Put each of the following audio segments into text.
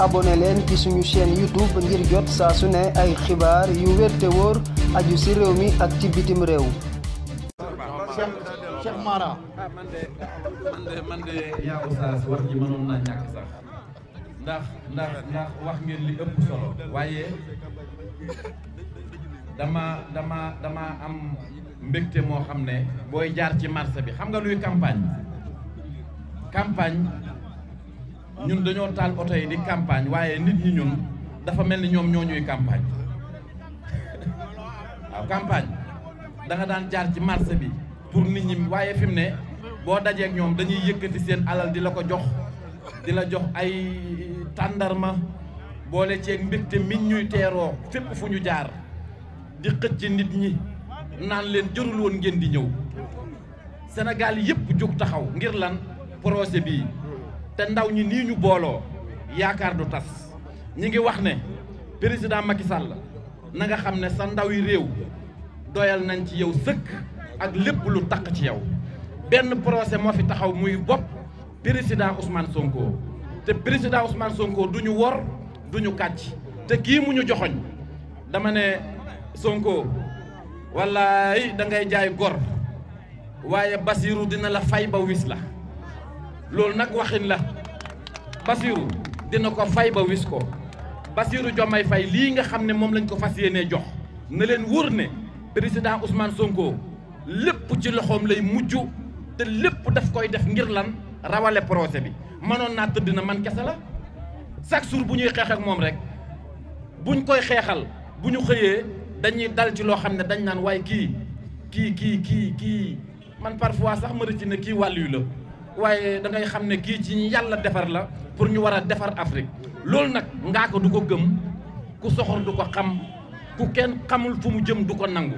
abonné leen ci suñu chaîne YouTube ngir jot saa su ne ay xibaar yu wér te wóor aju ci réew mi ak ci bitim réew. man de ñàkk sax ndax ndax wax ngeen li ëpp solo waaye dama dama dama am mbégte moo xam ne booy jaar ci marché bi xam nga luy campagne campagne. ñun dañoo taal oto yi di campagne waaye nit ñi ñun dafa mel ni ñoom ñoo ñuy campagne waaw campagne da daan jaar ci marché bi pour nit ñi waaye fi mu ne boo dajee ñoom dañuy yëkkati seen alal di la ko jox di la jox ay tàndarma boole ceeg mbégte miñ ñuy teeroo fépp fu ñu jaar di xëcc nit ñi naan leen jërul woon ngeen di ñëw Sénégal yëpp jóg taxaw ngir lan projet bii. te ndaw ñi nii ñu booloo yaakaar du tas ñi ngi wax ne président Macky Sall na nga xam ne sa ndaw yi réew doyal nañ ci yow sëkk ak lépp lu taq ci yow benn procès moo fi taxaw muy bopp président Ousmane sonkoo te président Ousmane Sonko duñu ñu wor du kàcc te kii mu ñu joxoñ dama ne Sonko wallaay da ngay jaay gor waaye Basiru dina la fay ba wis la loolu nag waxin la Bassirou dina ko fay ba wis ko Bassirou jommay fay lii nga xam ne moom lañ ko fas yéenee jox na leen wóor ne président Ousmane Sonko lépp ci loxoom lay mujj te lépp daf koy def ngir lan rawale procès bi mënoon naa tëdd na man kese la chaque jour bu ñuy xeex moom rek buñ koy xeexal bu ñu xëyee dañuy dal ci loo xam ne dañ naan waaye kii kii kii kii kii man parfois sax ma ci ne kii wàllu la. waaye da ngay xam ne kii ci ñi yàlla defar la pour ñu war a defar Afrique loolu nag ngaa ko du ko gëm ku soxor du ko xam ku kenn xamul fu mu jëm du ko nangu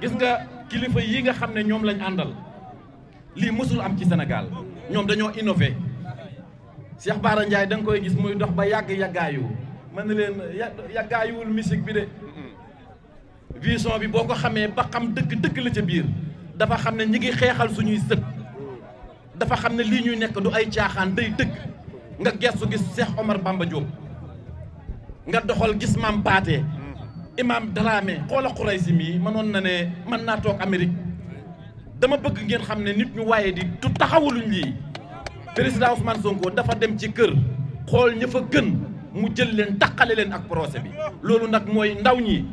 gis nga kilifa yi nga xam ne ñoom lañ àndal lii mësul am ci Sénégal ñoom dañoo innové Cheikh Bara Ndiaye da nga koy gis muy dox ba yàgg yàggaayu mën na leen yàggaayuwul musique bi de vision bi boo ko xamee ba xam dëgg dëgg la ca biir dafa xam ne ñi ngi xeexal suñuy sët dafa xam ne lii ñuy nekk du ay caaxaan day dëgg nga gestu gis Cheikh Omar Bamba Diop nga doxal gis maam Paate imaam Dramé xoola si mii mënoon na ne mën naa toog Amérique dama bëgg ngeen xam ne nit ñu waaye di du taxawuluñ lii président Ousmane Sonko dafa dem ci kër xool ña fa gën mu jël leen taqale leen ak procès bi loolu nag mooy ndaw ñi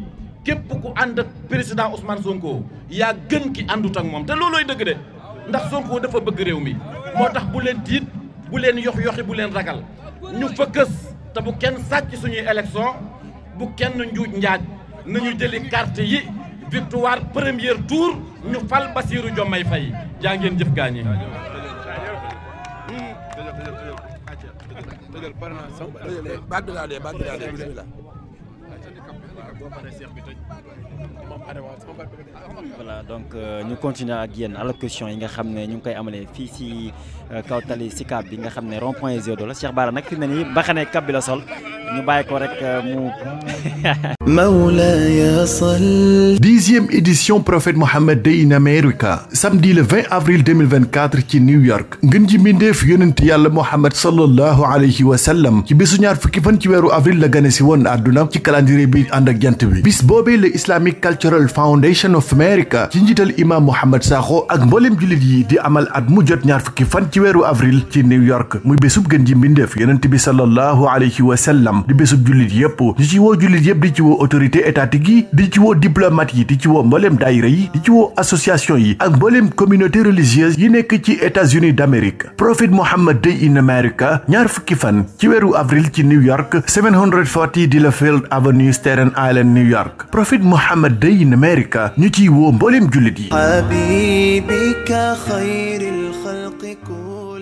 képp ku ànd ak président Ousmane Sonko yaa gën ki àndut ak moom te loolooy dëgg de. ndax Sonko dafa bëgg réew mi moo tax bu leen tiit bu leen yox yoxi bu leen ragal ñu fëkkës te bu kenn sàcc suñuy élection bu kenn njuuj njaaj nañu jëli carte yi victoire premier tour ñu fal Bassirou Diomaye Faye jaa ngeen jëf gaañi Badou Lade Badou Lade bismillah voilà donc euh, ñu continuer ak yéen allocution yi nga xam ne ñu ngi koy amalee fii si euh, kaw tali si cab bi nga xam ne rond point Géodo la Cheikh Bara nag fi mu ne nii mbaxane cab bi la sol ñu bàyyi ko rek euh, mu. Mawlaya sall. dixième édition prophète Mohammed Day in America samedi le 20 avril 2024 ci New York ngën ji mbindeef yonent yàlla Mohammed sallallahu alayhi wa sallam ci bésu ñaar fukki fan ci weeru avril la gane si woon àdduna ci calendrier bi jant bi bis boobee la Islamic Cultural Foundation of America ci njiital imam Mouhamed Sakho ak mbooleem jullit yi di amal at mu jot ñaar fukki fan ci weeru avril ci New York mu bésub gën ji mbindeef yonent bi sallallahu alayhi wa sallam di bésub jullit yépp di ci woo jullit yépp di ci woo autorité étatique yi di ci woo diplomate yi di ci woo mbooleem daayira yi di ci woo association yi ak mbooleem communauté religieuse yi nekk ci États-Unis d'Amérique Prophet Muhammad fan ci weeru avril ci New York Island New York Prophet Muhammad Day in America ñu ciy woo mbooleem jullit yi